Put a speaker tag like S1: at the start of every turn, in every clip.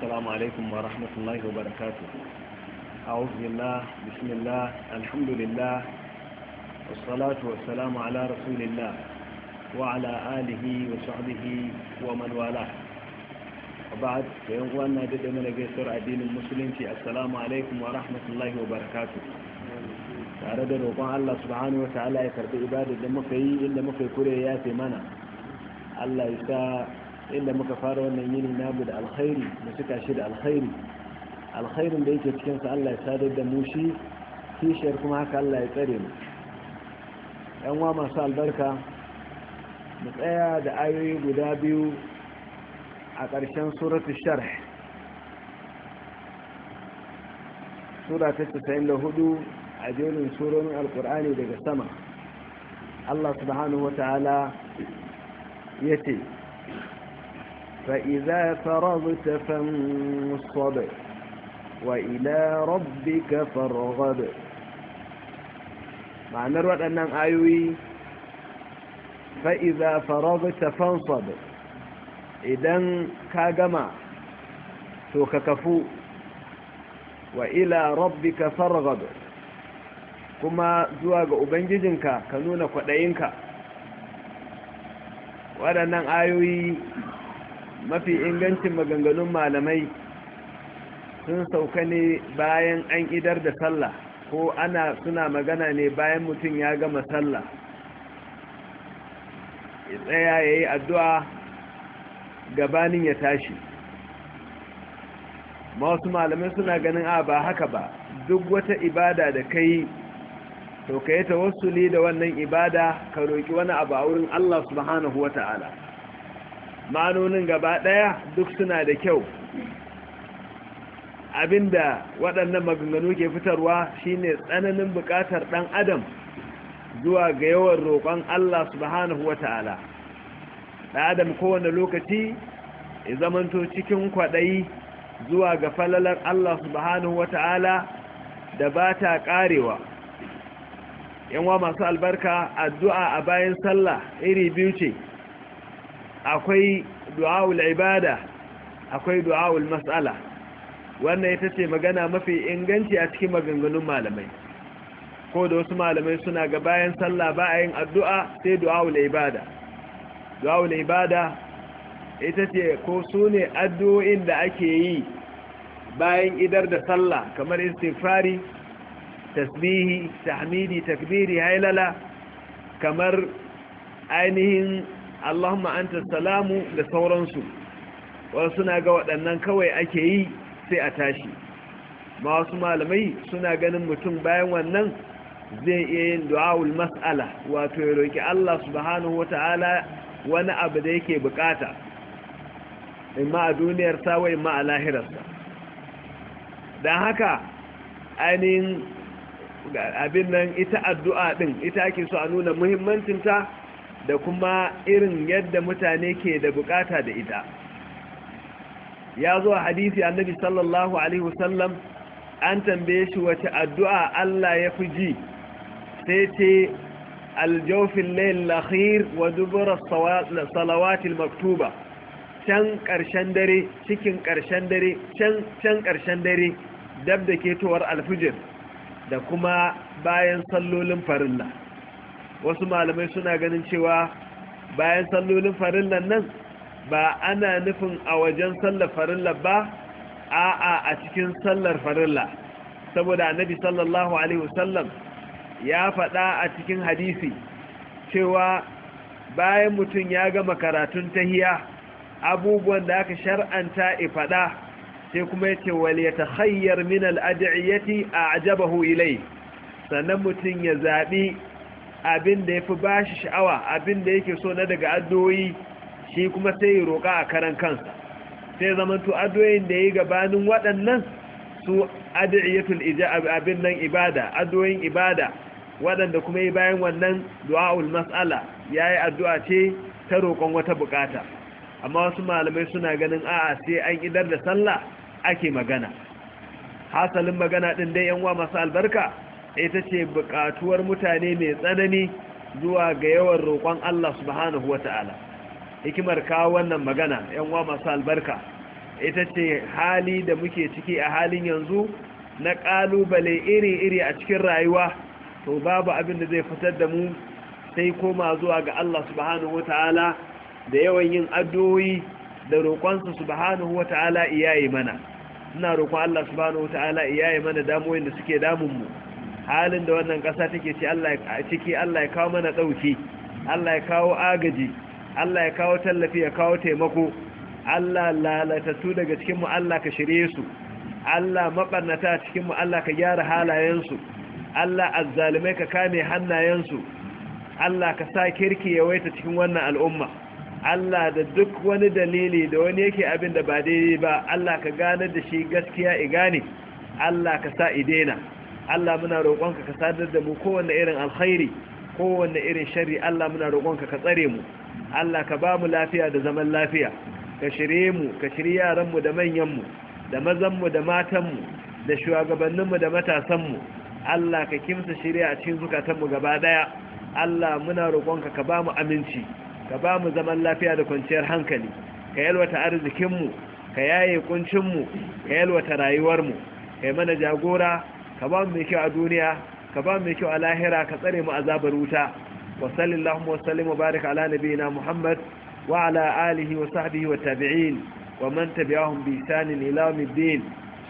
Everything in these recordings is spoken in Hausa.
S1: السلام عليكم ورحمة الله وبركاته أعوذ بالله بسم الله الحمد لله والصلاة والسلام على رسول الله وعلى آله وصحبه ومن والاه وبعد فإنوانا جد من جسر الدين المسلم في السلام عليكم ورحمة الله وبركاته tare da roƙon Allah subhanahu wa ta'ala ya karbi ibadar da muka yi inda muka inda muka fara wannan yini namu da alkhairi da suka shi da alkhairi alkhairin da yake cikinsa Allah ya sadar da mu shi kishiyar kuma haka Allah ya tsare mu yan wa masu albarka mu tsaya da ayoyi guda biyu a ƙarshen suratul sharh sura ta 94 a jerin surorin alkur'ani daga sama Allah subhanahu wa ta'ala ya ce فإذا فرغت فانصب وإلى ربك فارغب معنى الوقت أن آيوي فإذا فرغت فانصب إذن كاقما توككفو وإلى ربك فارغب كما زواج أبنججنك ubangijinka ka وأن kwaɗayinka mafi ingancin maganganun malamai sun sauka ne bayan an idar da sallah ko ana suna magana ne bayan mutum ya gama sallah ya tsaya ya yi addu'a gabanin ya tashi wasu malamai suna ganin a ba haka ba duk wata ibada da ka yi to ka yi tawassuli da wannan ibada ka roƙi wani abu a wurin Allah subhanahu wa ta'ala Manonin gaba ɗaya duk suna da kyau abinda waɗannan maganganu ke fitarwa shine tsananin buƙatar ɗan adam zuwa ga yawan roƙon Allah subhanahu wa ta'ala adam kowane lokaci ya zamanto cikin kwaɗayi zuwa ga falalar Allah subhanahu wa da ba ta ƙarewa yanwa masu albarka addu'a a bayan sallah iri biyu ce akwai du'awul ibada akwai du'awul mas'ala wannan ita ce magana mafi inganci a cikin maganganun malamai ko da wasu malamai suna ga bayan sallah ba a yin addu'a sai du'awul ibada du'awul ibada ita ce ko su ne addu'o'in da ake yi bayan idar da sallah kamar istighfari tasbihi tahmidi takbiri hailala kamar ainihin allahumma anta salamu da sauransu wasu suna ga waɗannan kawai ake yi sai a tashi masu malamai suna ganin mutum bayan wannan zai iya yin du'awul mas'ala wato ya roki Allah subhanahu wata'ala wani abu da yake bukata imma a duniyar sa wai ma a lahirarsa don haka ainihin abin nan ita addu'a din ita ake so a nuna muhimmancinta da kuma irin yadda mutane ke da bukata da ita ya zo a hadisi annabi sallallahu alaihi wasallam an tambaye shi wace addu'a Allah ya fi ji sai ce aljofin lail lahir wa dubura salawatil maktuba can ƙarshen dare cikin ƙarshen dare can ƙarshen dare dab da ketowar alfijir da kuma bayan sallolin farilla wasu malamai suna ganin cewa bayan sallolin farillan nan ba ana nufin a wajen sallar farilla ba a'a a cikin sallar farilla saboda annabi sallallahu alaihi wasallam ya faɗa a cikin hadisi cewa bayan mutum ya gama karatun tahiya abubuwan da aka shar'anta ifada sai kuma ya ce wal ya tahayyar min al'adiyyati a ajabahu ilai sannan mutum ya zaɓi abin da ya fi ba shi sha'awa abin da yake so na daga addu'o'i shi kuma sai ya roƙa a karan kansa sai zamantu addu'o'in da ya yi gabanin waɗannan su addu'iyatul abin nan ibada addu'o'in ibada waɗanda kuma yi bayan wannan du'a'ul mas'ala ya yi addu'a ce ta roƙon wata buƙata amma wasu malamai suna ganin a'a sai an idar da sallah ake magana hasalin magana ɗin dai yan wa masu albarka ita ce buƙatuwar mutane mai tsanani zuwa ga yawan roƙon Allah subhanahu wa hikimar kawo wannan magana yan wa masu albarka ita ce hali da muke ciki a halin yanzu na ƙalubale iri-iri a cikin rayuwa to babu abin da zai fitar da mu sai koma zuwa ga Allah subhanahu wa da yawan yin addu'o'i da roƙonsa subhanahu wa ta'ala iyaye mana ina roƙon Allah subhanahu wa iyaye mana damuwan da suke damun mu. halin da wannan ƙasa take ciki Allah ya kawo mana ɗauki Allah ya kawo agaji Allah ya kawo tallafi ya kawo taimako Allah su daga cikinmu Allah ka shirye su Allah maɓarnata cikinmu Allah ka gyara halayensu Allah azzalimai ka kame hannayensu Allah ka sa kirki ya waita cikin wannan al'umma Allah da duk wani dalili da wani yake abin da ba daidai ba Allah ka ganar da shi gaskiya i gane Allah ka sa i daina Allah muna roƙonka ka sadar da mu kowanne irin alkhairi kowanne irin sharri Allah muna roƙonka ka tsare mu Allah ka ba mu lafiya da zaman lafiya ka shirye mu ka shirye yaran mu da manyan mu da mazan mu da matan mu da shugabannin mu da matasan mu Allah ka kimsa shirye a cikin zukatan mu gaba daya Allah muna roƙonka ka ba mu aminci ka ba mu zaman lafiya da kwanciyar hankali ka yalwata arzikin mu ka yaye kuncin mu ka yalwata rayuwar mu kai mana jagora ka ba mu mai kyau a duniya ka ba mu mai kyau a lahira ka tsare mu azabar wuta wa sallallahu wa sallim wa baraka ala nabiyina muhammad wa ala alihi wa sahbihi wa tabi'in wa man tabi'ahum bi ihsanin ila yawmiddin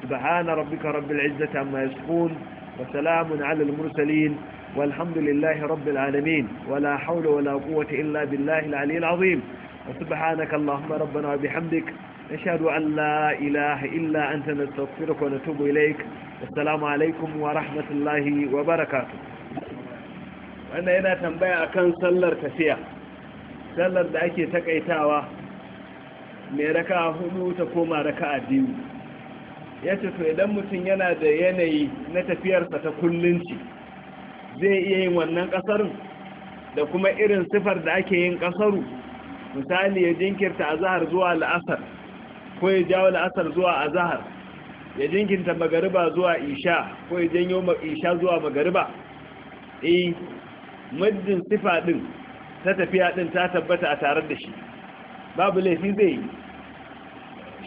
S1: subhana rabbika rabbil izzati amma yasifun wa salamun ala al mursalin والحمد لله رب العالمين ولا حول ولا قوة إلا بالله العلي العظيم وسبحانك اللهم ربنا وبحمدك نشهد أن لا إله إلا أنت نستغفرك ونتوب إليك assalamu alaikum wa rahmatullahi wa barakatu wanda yana tambaya a kan sallar tafiya sallar da ake takaitawa mai raka hudu ta koma raka a biyu ya ce to idan mutum yana da yanayi na tafiyarsa ta kullunci zai iya yin wannan kasarun da kuma irin sifar da ake yin kasaru misali ya jinkirta a zahar zuwa la'asar ko ya jawo la'asar zuwa a zahar ya jinkinta magariba zuwa isha ko ya janyo isha zuwa magariba E! muddin sifa din ta tafiya din ta tabbata a tare da shi babu laifi zai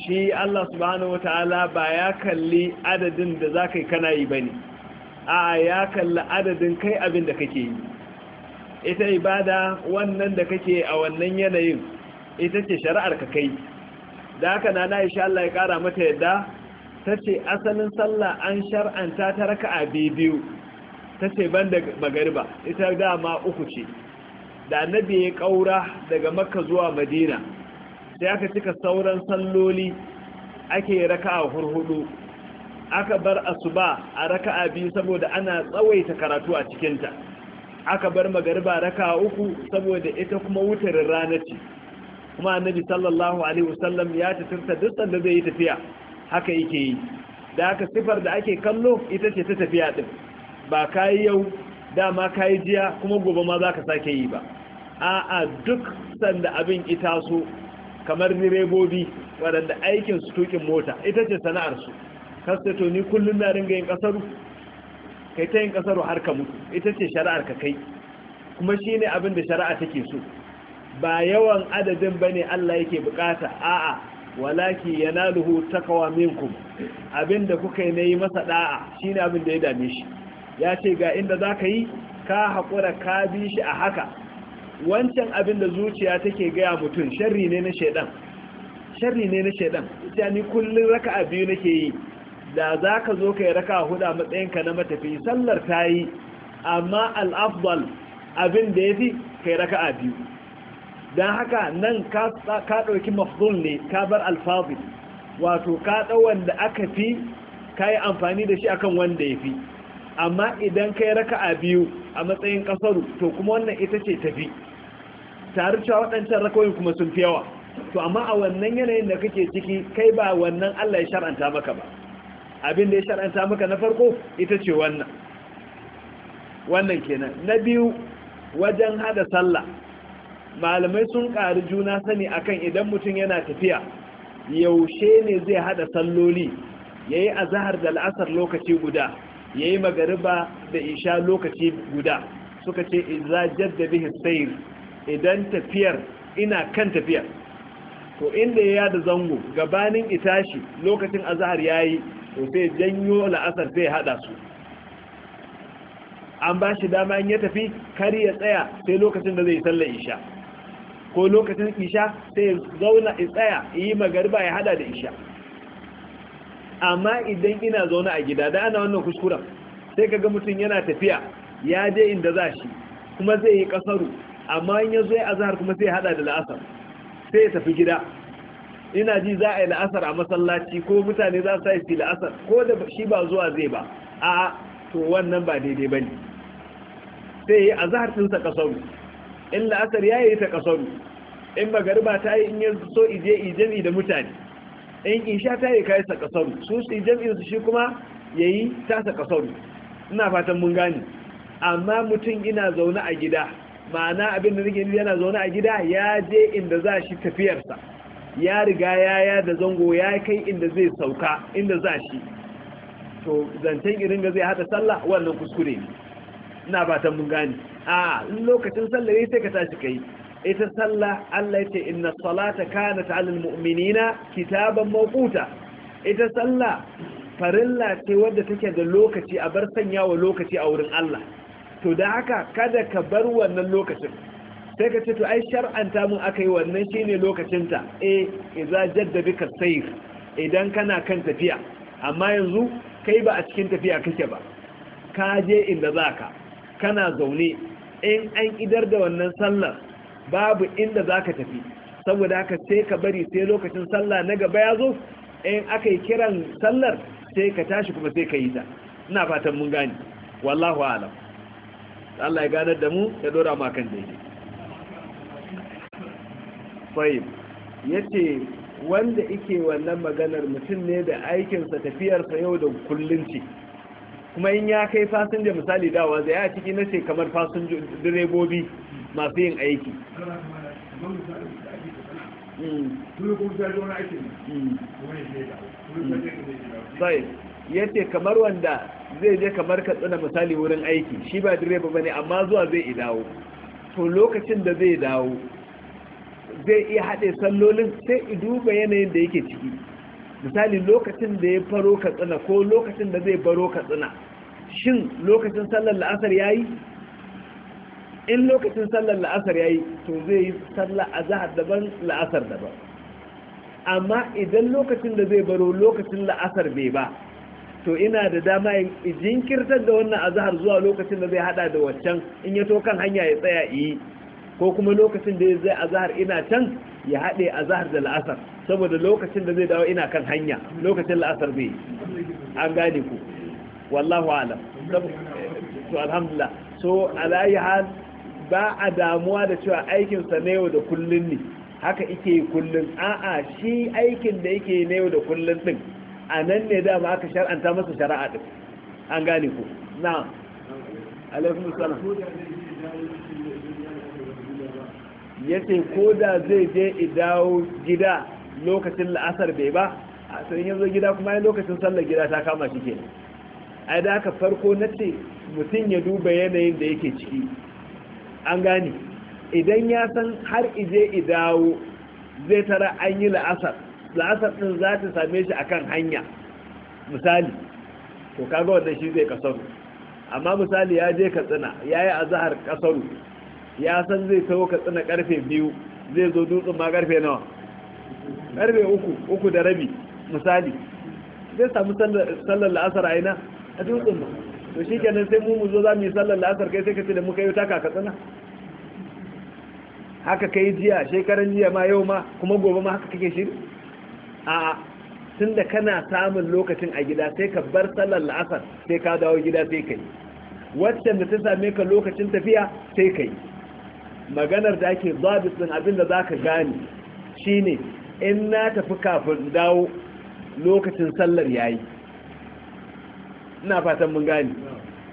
S1: shi Allah subhanahu wata'ala ba ya kalli adadin da za ka kana yi ba a ya kalli adadin kai abin da kake yi ita ibada wannan da kake a wannan yanayin ita ce shari'ar ka kai da haka na na Allah ya kara mata yadda ta ce asalin sallah an shar'anta ta raka a biyu ta ce ban da magariba ita dama uku ce da annabi ya kaura daga makka zuwa madina sai aka cika sauran salloli ake raka a hurhudu aka bar asuba a raka a biyu saboda ana tsawaita karatu a cikinta aka bar magariba raka uku saboda ita kuma wutar rana ce kuma annabi sallallahu alaihi wasallam ya tatirta duk sanda zai yi tafiya haka yake yi da haka sifar da ake kallo ita ce ta tafiya din ba ka yi yau dama yi jiya kuma gobe ma za ka sake yi ba a'a duk sanda abin ita su, kamar direbobi waɗanda aikin su tukin mota ita ce sana'arsu kasta to ni kullum na ringa yin ƙasaru kai ta yin ƙasaru har ka mutu ita ce shari'ar ka kai kuma shi ne abin da shari'a take so ba yawan adadin ba ne Allah yake bukata a'a walaki yanaluhu taqwa minkum abinda kuka yi masa da'a shine abin da ya dame shi ya ce ga inda zaka yi ka hakura ka bi shi a haka wancan abin da zuciya take gaya mutum sharri ne na shaidan sharri ne na shaidan ita ni kullun raka'a biyu nake yi da zaka zo kai raka'a hudu matsayin ka na matafi sallar tayi amma al-afdal abin da yafi kai raka'a biyu don haka nan ka ɗauki mafzul ne ka bar alfazi wato ka da wanda aka fi ka yi amfani da shi akan wanda ya fi amma idan ka yi raka a biyu a matsayin ƙasaru to kuma wannan ita ce tafi tare cewa waɗancan rakawoyin kuma sun fi yawa to amma a wannan yanayin da kake ciki kai ba wannan Allah ya shar'anta maka ba abin da ya shar'anta maka na farko ita ce wannan wannan kenan na biyu wajen hada sallah malamai sun ƙari juna sani akan idan mutum yana tafiya yaushe ne zai hada salloli ya yi azahar da la'asar lokaci guda ya yi magariba da isha lokaci guda suka ce iza jadda bihi sayir idan tafiyar ina kan tafiyar to inda ya da zango gabanin itashi lokacin azahar ya yi to sai janyo la'asar zai hada su an ba shi dama in ya tafi kar ya tsaya sai lokacin da zai sallar isha ko lokacin isha sai ya zauna in tsaya yi magarba ya hada da isha amma idan ina zauna a gida da ana wannan kuskuren sai kaga mutum yana tafiya ya je inda za shi kuma zai yi kasaru amma in ya zo ya azahar kuma sai ya hada da la'asar sai ya tafi gida ina ji za a yi la'asar a masallaci ko mutane za su yi la'asar ko da shi ba zuwa zai ba a to wannan ba daidai ba ne sai ya yi azhar ɗinsa kasaru in la'asar ya yi ta kasaru in magariba ta yi in ya so ije ijami da mutane in isha ta yi kayi ta kasaru su ijamin su shi kuma ya yi ta ta kasaru ina fatan mun gani amma mutum ina zaune a gida ma'ana abin da nake yana zaune a gida ya je inda za shi tafiyarsa ya riga ya ya da zango ya kai inda zai sauka inda za shi to zancen irin ga zai hada sallah wannan kuskure ne ina ba ta mun gane a in lokacin sallah yayi sai ka tashi kai ita sallah Allah yace inna salata kanat 'alal mu'minina kitaban mawquta ita sallah farilla ce wadda take da lokaci a bar sanyawa lokaci a wurin Allah to da haka kada ka bar wannan lokacin sai ka ce to ai shar'anta mun akai wannan shine lokacinta eh idza jaddabika sayf idan kana kan tafiya amma yanzu kai ba a cikin tafiya kake ba ka je inda zaka kana zaune in an idar da wannan sallar, babu inda za ka tafi saboda haka sai ka bari sai lokacin sallah na gaba ya zo in aka yi kiran sallar sai ka tashi kuma sai ka yi ta ina fatan mun gani wallahu alam Allah ya ganar da mu ya dora akan daidai fahim ya ce wanda ike wannan maganar mutum ne da aikinsa tafiyarsa yau da kullum ce kuma in ya kai fasinja misali dawa zai a ciki na ce kamar direbobi masu yin aiki ya ce kamar wanda zai je kamar katsina misali wurin aiki shi ba direba bane amma zuwa zai dawo to lokacin da zai dawo zai iya haɗe sallolin sai duba yanayin da yake ciki misali lokacin da ya faro katsina ko lokacin da zai baro katsina shin lokacin sallar la'asar ya yi in lokacin sallar la'asar ya yi to zai yi sallar a zahar daban la'asar daban amma idan lokacin da zai baro lokacin la'asar bai ba to ina da dama in jinkirtar da wannan azahar zuwa lokacin da zai hada da waccan in ya to kan hanya ya tsaya yi ko kuma lokacin da zai azahar ina can ya haɗe a zahar da la'asar saboda lokacin da zai dawo ina kan hanya lokacin la'asar bai an gane ku wallahu alam to alhamdulillah so alayi hal ba a damuwa da cewa aikinsa ne yau da kullun ne haka ike kullun a'a shi aikin da yake na yau da kullun din a nan ne dama aka shar'anta masa shari'a din an gane ku na alaikum salam ya ce ko da zai je idawo gida lokacin la'asar bai ba a sanin yanzu gida kuma yin lokacin sallar gida ta kama shi ke ai da aka farko na ce mutum ya duba yanayin da yake ciki an gane idan ya san har ije idawo zai tara an yi la'asar la'asar ɗin za ta same shi akan hanya misali to kaga wannan shi zai kasaru amma misali ya je katsina ya yi azahar kasaru ya san zai taho ka tsina karfe biyu zai zo dutsen ma karfe nawa karfe uku uku da rabi misali zai samu sallar la'asar a ina a dutsen ma to shi kenan sai mu zo za mu yi sallar la'asar kai sai ka ce da muka yi taka ka tsina haka kai jiya shekaran jiya ma yau ma kuma gobe ma haka kake shiri a tun da kana samun lokacin a gida sai ka bar sallar la'asar sai ka dawo gida sai ka yi waccan da ta same ka lokacin tafiya sai ka yi maganar da ake zabis din abinda za ka gane shine in na tafi kafin dawo lokacin sallar yayi ina fatan mun gane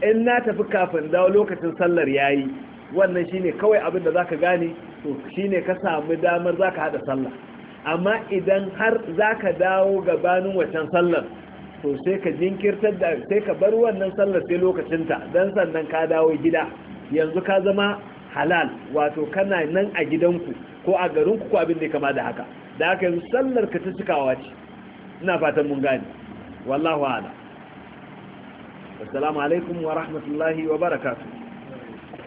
S1: in na tafi kafin dawo lokacin sallar yayi wannan shine kawai abin da zaka gane to shine ka samu damar zaka hada sallah amma idan har zaka dawo gabanin wancan sallar to sai ka jinkirtar da sai ka bar wannan sallar sai lokacinta don dan sannan ka dawo gida yanzu ka zama halal wato kana nan a gidanku ko a garinku ko abin da ya kama da haka da aka yanzu sallar ka ta cikawa ce ina fatan mun gani, wallahu ala assalamu alaikum wa rahmatullahi wa barakatuh